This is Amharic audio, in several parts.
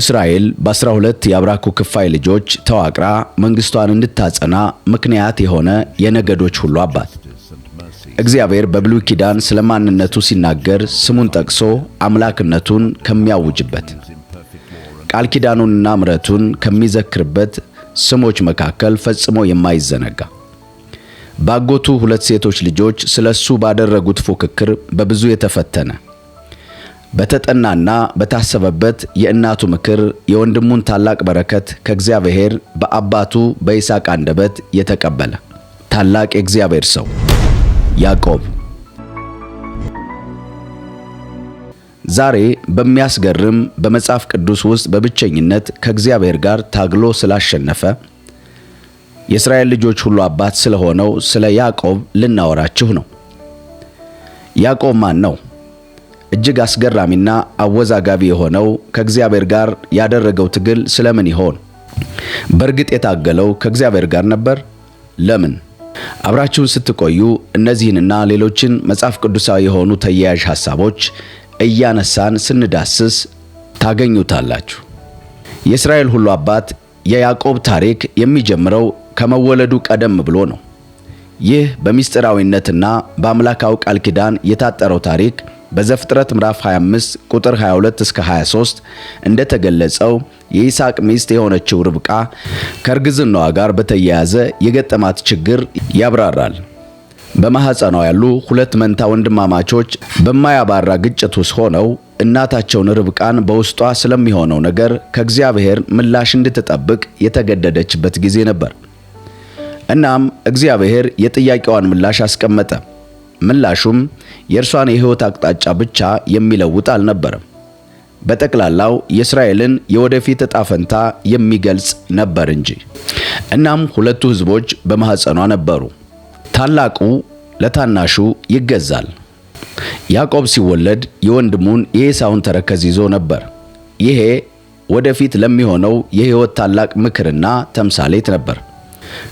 እስራኤል በ12 የአብራኩ ክፋይ ልጆች ተዋቅራ መንግስቷን እንድታጸና ምክንያት የሆነ የነገዶች ሁሉ አባት። እግዚአብሔር በብሉይ ኪዳን ስለ ማንነቱ ሲናገር ስሙን ጠቅሶ አምላክነቱን ከሚያውጅበት ቃል ኪዳኑንና ምረቱን ከሚዘክርበት ስሞች መካከል ፈጽሞ የማይዘነጋ ባጎቱ ሁለት ሴቶች ልጆች ስለ እሱ ባደረጉት ፉክክር በብዙ የተፈተነ በተጠናና በታሰበበት የእናቱ ምክር የወንድሙን ታላቅ በረከት ከእግዚአብሔር በአባቱ በይስሐቅ አንደበት የተቀበለ ታላቅ የእግዚአብሔር ሰው ያዕቆብ ዛሬ በሚያስገርም በመጽሐፍ ቅዱስ ውስጥ በብቸኝነት ከእግዚአብሔር ጋር ታግሎ ስላሸነፈ የእስራኤል ልጆች ሁሉ አባት ስለሆነው ስለ ያዕቆብ ልናወራችሁ ነው። ያዕቆብ ማን ነው? እጅግ አስገራሚና አወዛጋቢ የሆነው ከእግዚአብሔር ጋር ያደረገው ትግል ስለምን ይሆን? በእርግጥ የታገለው ከእግዚአብሔር ጋር ነበር? ለምን? አብራችሁን ስትቆዩ እነዚህንና ሌሎችን መጽሐፍ ቅዱሳዊ የሆኑ ተያያዥ ሐሳቦች እያነሳን ስንዳስስ ታገኙታላችሁ። የእስራኤል ሁሉ አባት የያዕቆብ ታሪክ የሚጀምረው ከመወለዱ ቀደም ብሎ ነው። ይህ በምስጢራዊነትና በአምላካዊ ቃል ኪዳን የታጠረው ታሪክ በዘፍጥረት ምዕራፍ 25 ቁጥር 22 እስከ 23 እንደተገለጸው የይስሐቅ ሚስት የሆነችው ርብቃ ከእርግዝናዋ ጋር በተያያዘ የገጠማት ችግር ያብራራል። በማህፀኗ ያሉ ሁለት መንታ ወንድማማቾች በማያባራ ግጭት ውስጥ ሆነው እናታቸውን ርብቃን በውስጧ ስለሚሆነው ነገር ከእግዚአብሔር ምላሽ እንድትጠብቅ የተገደደችበት ጊዜ ነበር። እናም እግዚአብሔር የጥያቄዋን ምላሽ አስቀመጠ። ምላሹም የእርሷን የህይወት አቅጣጫ ብቻ የሚለውጥ አልነበረም። በጠቅላላው የእስራኤልን የወደፊት እጣ ፈንታ የሚገልጽ ነበር እንጂ። እናም ሁለቱ ህዝቦች በማኅፀኗ ነበሩ። ታላቁ ለታናሹ ይገዛል። ያዕቆብ ሲወለድ የወንድሙን የኤሳውን ተረከዝ ይዞ ነበር። ይሄ ወደፊት ለሚሆነው የሕይወት ታላቅ ምክርና ተምሳሌት ነበር።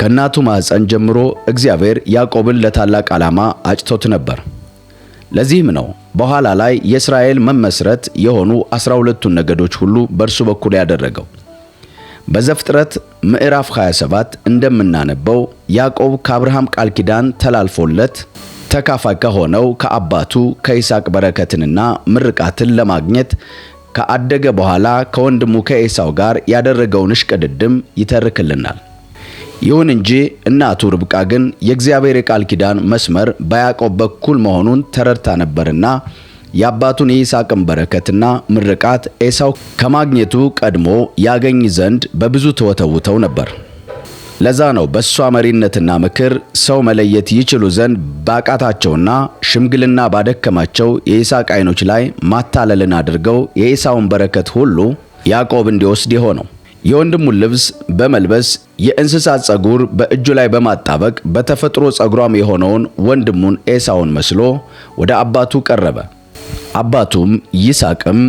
ከእናቱ ማኅፀን ጀምሮ እግዚአብሔር ያዕቆብን ለታላቅ ዓላማ አጭቶት ነበር። ለዚህም ነው በኋላ ላይ የእስራኤል መመስረት የሆኑ አስራ ሁለቱን ነገዶች ሁሉ በእርሱ በኩል ያደረገው። በዘፍጥረት ምዕራፍ 27 እንደምናነበው ያዕቆብ ከአብርሃም ቃል ኪዳን ተላልፎለት ተካፋይ ከሆነው ከአባቱ ከይስሐቅ በረከትንና ምርቃትን ለማግኘት ከአደገ በኋላ ከወንድሙ ከኤሳው ጋር ያደረገውን እሽቅድድም ይተርክልናል። ይሁን እንጂ እናቱ ርብቃ ግን የእግዚአብሔር የቃል ኪዳን መስመር በያዕቆብ በኩል መሆኑን ተረድታ ነበርና የአባቱን የይስሐቅን በረከትና ምርቃት ኤሳው ከማግኘቱ ቀድሞ ያገኝ ዘንድ በብዙ ተወተውተው ነበር። ለዛ ነው በእሷ መሪነትና ምክር ሰው መለየት ይችሉ ዘንድ ባቃታቸውና ሽምግልና ባደከማቸው የይስሐቅ ዓይኖች ላይ ማታለልን አድርገው የኤሳውን በረከት ሁሉ ያዕቆብ እንዲወስድ የሆነው። የወንድሙን ልብስ በመልበስ የእንስሳት ጸጉር በእጁ ላይ በማጣበቅ በተፈጥሮ ጸጉሯም የሆነውን ወንድሙን ኤሳውን መስሎ ወደ አባቱ ቀረበ። አባቱም ይስሐቅም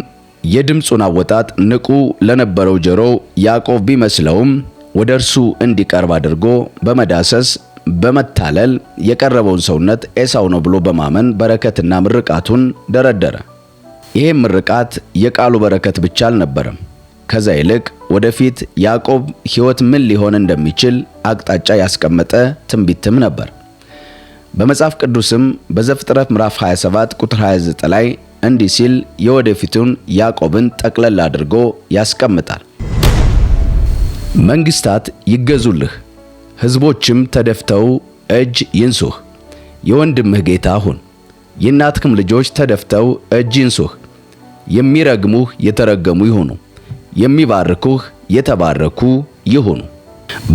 የድምፁን አወጣጥ ንቁ ለነበረው ጆሮ ያዕቆብ ቢመስለውም ወደ እርሱ እንዲቀርብ አድርጎ በመዳሰስ በመታለል የቀረበውን ሰውነት ኤሳው ነው ብሎ በማመን በረከትና ምርቃቱን ደረደረ። ይህም ምርቃት የቃሉ በረከት ብቻ አልነበረም። ከዛ ይልቅ ወደፊት ያዕቆብ ሕይወት ምን ሊሆን እንደሚችል አቅጣጫ ያስቀመጠ ትንቢትም ነበር። በመጽሐፍ ቅዱስም በዘፍጥረት ምዕራፍ 27 ቁጥር 29 ላይ እንዲህ ሲል የወደፊቱን ያዕቆብን ጠቅለል አድርጎ ያስቀምጣል። መንግስታት ይገዙልህ፣ ሕዝቦችም ተደፍተው እጅ ይንሱህ። የወንድምህ ጌታ ሁን፣ የእናትህም ልጆች ተደፍተው እጅ ይንሱህ። የሚረግሙህ የተረገሙ ይሁኑ የሚባርኩህ የተባረኩ ይሁኑ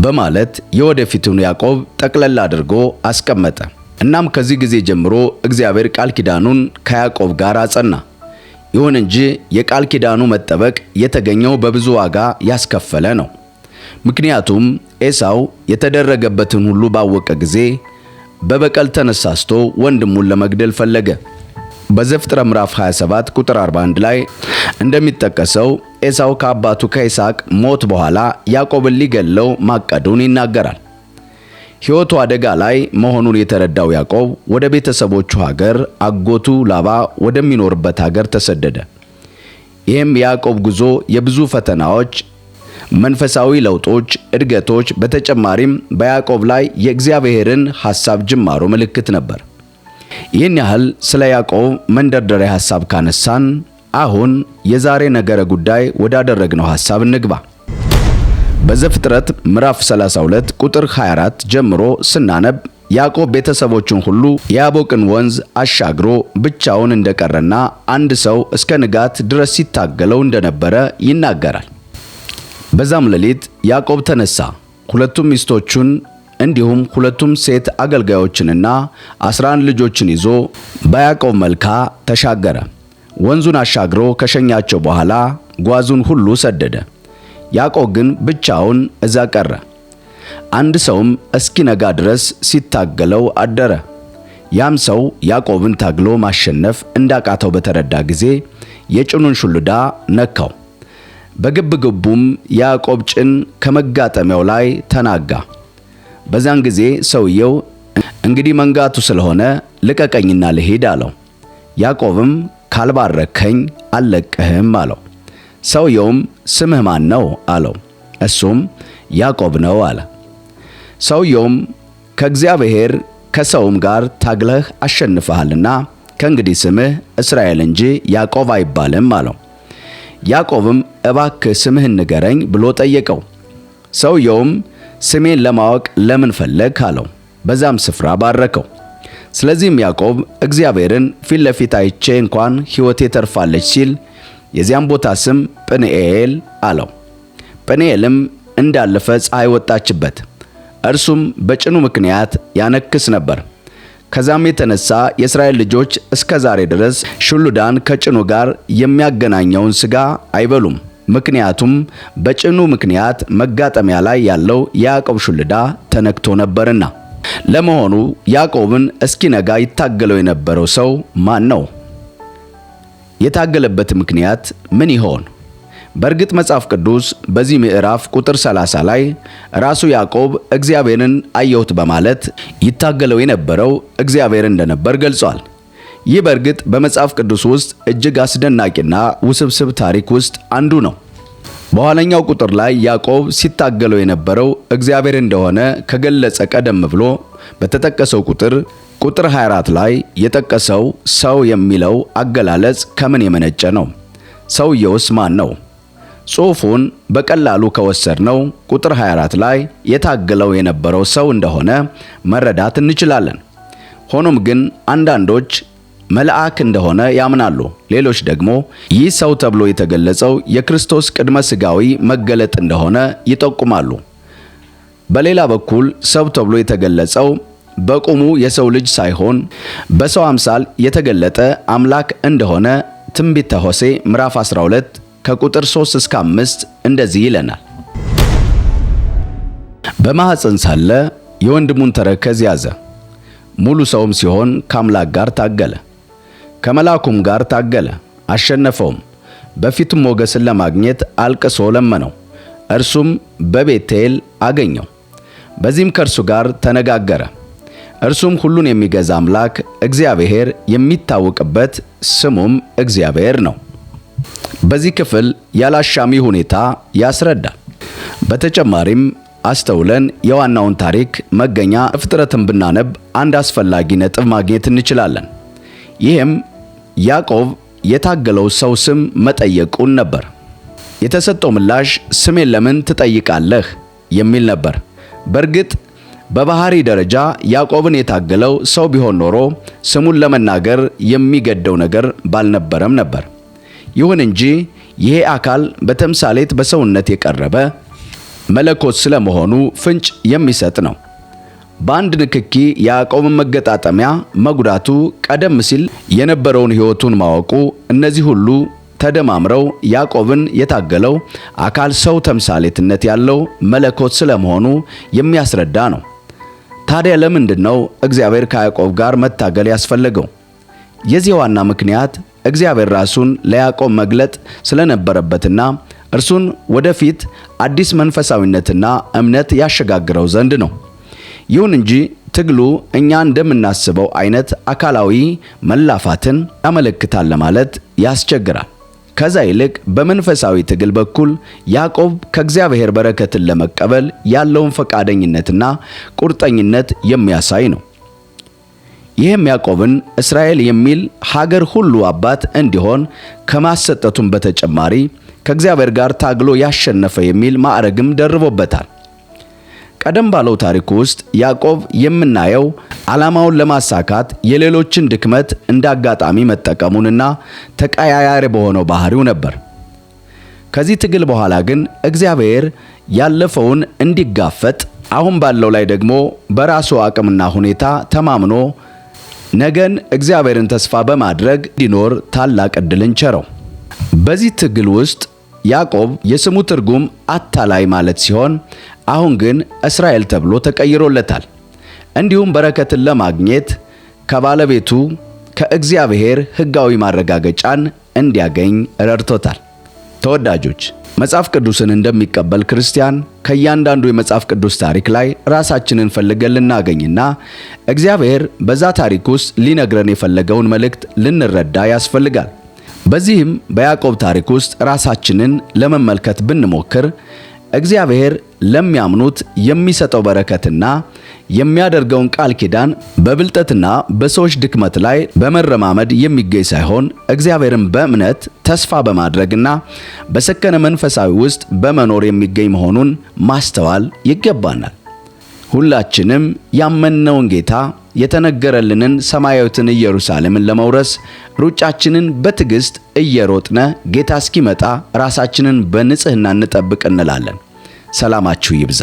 በማለት የወደፊቱን ያዕቆብ ጠቅለላ አድርጎ አስቀመጠ። እናም ከዚህ ጊዜ ጀምሮ እግዚአብሔር ቃል ኪዳኑን ከያዕቆብ ጋር አጸና። ይሁን እንጂ የቃል ኪዳኑ መጠበቅ የተገኘው በብዙ ዋጋ ያስከፈለ ነው። ምክንያቱም ኤሳው የተደረገበትን ሁሉ ባወቀ ጊዜ በበቀል ተነሳስቶ ወንድሙን ለመግደል ፈለገ። በዘፍጥረ ምዕራፍ 27 ቁጥር 41 ላይ እንደሚጠቀሰው ኤሳው ከአባቱ ከይስሐቅ ሞት በኋላ ያዕቆብን ሊገለው ማቀዱን ይናገራል። ሕይወቱ አደጋ ላይ መሆኑን የተረዳው ያዕቆብ ወደ ቤተሰቦቹ ሀገር አጎቱ ላባ ወደሚኖርበት ሀገር ተሰደደ። ይህም የያዕቆብ ጉዞ የብዙ ፈተናዎች፣ መንፈሳዊ ለውጦች፣ እድገቶች በተጨማሪም በያዕቆብ ላይ የእግዚአብሔርን ሐሳብ ጅማሮ ምልክት ነበር። ይህን ያህል ስለ ያዕቆብ መንደርደሪያ ሐሳብ ካነሳን አሁን የዛሬ ነገረ ጉዳይ ወዳደረግነው ሐሳብ እንግባ። በዘፍጥረት ምዕራፍ 32 ቁጥር 24 ጀምሮ ስናነብ ያዕቆብ ቤተሰቦቹን ሁሉ የያቦቅን ወንዝ አሻግሮ ብቻውን እንደቀረና አንድ ሰው እስከ ንጋት ድረስ ሲታገለው እንደነበረ ይናገራል። በዛም ሌሊት ያዕቆብ ተነሳ፣ ሁለቱም ሚስቶቹን እንዲሁም ሁለቱም ሴት አገልጋዮችንና 11 ልጆችን ይዞ በያዕቆብ መልካ ተሻገረ። ወንዙን አሻግሮ ከሸኛቸው በኋላ ጓዙን ሁሉ ሰደደ። ያዕቆብ ግን ብቻውን እዛ ቀረ። አንድ ሰውም እስኪነጋ ድረስ ሲታገለው አደረ። ያም ሰው ያዕቆብን ታግሎ ማሸነፍ እንዳቃተው በተረዳ ጊዜ የጭኑን ሹልዳ ነካው። በግብግቡም ያዕቆብ ጭን ከመጋጠሚያው ላይ ተናጋ። በዛን ጊዜ ሰውየው እንግዲህ መንጋቱ ስለሆነ ልቀቀኝና ልሄድ አለው። ያዕቆብም ካልባረከኝ አልለቅህም አለው። ሰውየውም ስምህ ማን ነው አለው። እሱም ያዕቆብ ነው አለ። ሰውየውም ከእግዚአብሔር ከሰውም ጋር ታግለህ አሸንፈሃልና ከእንግዲህ ስምህ እስራኤል እንጂ ያዕቆብ አይባልም አለው። ያዕቆብም እባክህ ስምህን ንገረኝ ብሎ ጠየቀው። ሰውየውም ስሜን ለማወቅ ለምን ፈለግ አለው። በዛም ስፍራ ባረከው። ስለዚህም ያዕቆብ እግዚአብሔርን ፊት ለፊት አይቼ እንኳን ሕይወቴ ተርፋለች ሲል የዚያም ቦታ ስም ጵንኤል አለው። ጵንኤልም እንዳለፈ ፀሐይ ወጣችበት፣ እርሱም በጭኑ ምክንያት ያነክስ ነበር። ከዛም የተነሳ የእስራኤል ልጆች እስከ ዛሬ ድረስ ሹሉዳን ከጭኑ ጋር የሚያገናኘውን ሥጋ አይበሉም። ምክንያቱም በጭኑ ምክንያት መጋጠሚያ ላይ ያለው የያዕቆብ ሹልዳ ተነክቶ ነበርና። ለመሆኑ ያዕቆብን እስኪነጋ ይታገለው የነበረው ሰው ማን ነው? የታገለበት ምክንያት ምን ይሆን? በእርግጥ መጽሐፍ ቅዱስ በዚህ ምዕራፍ ቁጥር 30 ላይ ራሱ ያዕቆብ እግዚአብሔርን አየሁት በማለት ይታገለው የነበረው እግዚአብሔር እንደነበር ገልጿል። ይህ በእርግጥ በመጽሐፍ ቅዱስ ውስጥ እጅግ አስደናቂና ውስብስብ ታሪክ ውስጥ አንዱ ነው። በኋለኛው ቁጥር ላይ ያዕቆብ ሲታገለው የነበረው እግዚአብሔር እንደሆነ ከገለጸ ቀደም ብሎ በተጠቀሰው ቁጥር ቁጥር 24 ላይ የጠቀሰው ሰው የሚለው አገላለጽ ከምን የመነጨ ነው? ሰውየውስ ማን ነው? ጽሑፉን በቀላሉ ከወሰድነው ቁጥር 24 ላይ የታገለው የነበረው ሰው እንደሆነ መረዳት እንችላለን። ሆኖም ግን አንዳንዶች መልአክ እንደሆነ ያምናሉ። ሌሎች ደግሞ ይህ ሰው ተብሎ የተገለጸው የክርስቶስ ቅድመ ሥጋዊ መገለጥ እንደሆነ ይጠቁማሉ። በሌላ በኩል ሰው ተብሎ የተገለጸው በቁሙ የሰው ልጅ ሳይሆን በሰው አምሳል የተገለጠ አምላክ እንደሆነ ትንቢተ ሆሴዕ ምዕራፍ 12 ከቁጥር 3 እስከ 5 እንደዚህ ይለናል። በማኅፀን ሳለ የወንድሙን ተረከዝ ያዘ፣ ሙሉ ሰውም ሲሆን ከአምላክ ጋር ታገለ። ከመልአኩም ጋር ታገለ፣ አሸነፈውም። በፊቱም ሞገስን ለማግኘት አልቅሶ ለመነው። እርሱም በቤቴል አገኘው። በዚህም ከእርሱ ጋር ተነጋገረ። እርሱም ሁሉን የሚገዛ አምላክ እግዚአብሔር የሚታወቅበት ስሙም እግዚአብሔር ነው። በዚህ ክፍል ያላሻሚ ሁኔታ ያስረዳል። በተጨማሪም አስተውለን የዋናውን ታሪክ መገኛ ፍጥረትን ብናነብ አንድ አስፈላጊ ነጥብ ማግኘት እንችላለን። ይህም ያዕቆብ የታገለው ሰው ስም መጠየቁን ነበር። የተሰጠው ምላሽ ስሜን ለምን ትጠይቃለህ የሚል ነበር። በእርግጥ በባህሪ ደረጃ ያዕቆብን የታገለው ሰው ቢሆን ኖሮ ስሙን ለመናገር የሚገደው ነገር ባልነበረም ነበር። ይሁን እንጂ ይሄ አካል በተምሳሌት በሰውነት የቀረበ መለኮት ስለመሆኑ ፍንጭ የሚሰጥ ነው። በአንድ ንክኪ የአቋምን መገጣጠሚያ መጉዳቱ፣ ቀደም ሲል የነበረውን ሕይወቱን ማወቁ፣ እነዚህ ሁሉ ተደማምረው ያዕቆብን የታገለው አካል ሰው ተምሳሌትነት ያለው መለኮት ስለመሆኑ የሚያስረዳ ነው። ታዲያ ለምንድን ነው እግዚአብሔር ከያዕቆብ ጋር መታገል ያስፈለገው? የዚህ ዋና ምክንያት እግዚአብሔር ራሱን ለያዕቆብ መግለጥ ስለነበረበትና እርሱን ወደፊት አዲስ መንፈሳዊነትና እምነት ያሸጋግረው ዘንድ ነው። ይሁን እንጂ ትግሉ እኛ እንደምናስበው አይነት አካላዊ መላፋትን ያመለክታል ለማለት ያስቸግራል። ከዛ ይልቅ በመንፈሳዊ ትግል በኩል ያዕቆብ ከእግዚአብሔር በረከትን ለመቀበል ያለውን ፈቃደኝነትና ቁርጠኝነት የሚያሳይ ነው። ይህም ያዕቆብን እስራኤል የሚል ሀገር ሁሉ አባት እንዲሆን ከማሰጠቱም በተጨማሪ ከእግዚአብሔር ጋር ታግሎ ያሸነፈ የሚል ማዕረግም ደርቦበታል። ቀደም ባለው ታሪክ ውስጥ ያዕቆብ የምናየው ዓላማውን ለማሳካት የሌሎችን ድክመት እንደ አጋጣሚ መጠቀሙንና ተቀያያሪ በሆነው ባህሪው ነበር። ከዚህ ትግል በኋላ ግን እግዚአብሔር ያለፈውን እንዲጋፈጥ አሁን ባለው ላይ ደግሞ በራሱ አቅምና ሁኔታ ተማምኖ ነገን እግዚአብሔርን ተስፋ በማድረግ እንዲኖር ታላቅ ዕድልን ቸረው። በዚህ ትግል ውስጥ ያዕቆብ የስሙ ትርጉም አታላይ ማለት ሲሆን አሁን ግን እስራኤል ተብሎ ተቀይሮለታል። እንዲሁም በረከትን ለማግኘት ከባለቤቱ ከእግዚአብሔር ሕጋዊ ማረጋገጫን እንዲያገኝ ረድቶታል። ተወዳጆች መጽሐፍ ቅዱስን እንደሚቀበል ክርስቲያን ከእያንዳንዱ የመጽሐፍ ቅዱስ ታሪክ ላይ ራሳችንን ፈልገን ልናገኝና እግዚአብሔር በዛ ታሪክ ውስጥ ሊነግረን የፈለገውን መልእክት ልንረዳ ያስፈልጋል። በዚህም በያዕቆብ ታሪክ ውስጥ ራሳችንን ለመመልከት ብንሞክር እግዚአብሔር ለሚያምኑት የሚሰጠው በረከትና የሚያደርገውን ቃል ኪዳን በብልጠትና በሰዎች ድክመት ላይ በመረማመድ የሚገኝ ሳይሆን እግዚአብሔርን በእምነት ተስፋ በማድረግና በሰከነ መንፈሳዊ ውስጥ በመኖር የሚገኝ መሆኑን ማስተዋል ይገባናል። ሁላችንም ያመንነውን ጌታ የተነገረልንን ሰማያዊትን ኢየሩሳሌምን ለመውረስ ሩጫችንን በትዕግሥት እየሮጥነ ጌታ እስኪመጣ ራሳችንን በንጽሕና እንጠብቅ እንላለን። ሰላማችሁ ይብዛ።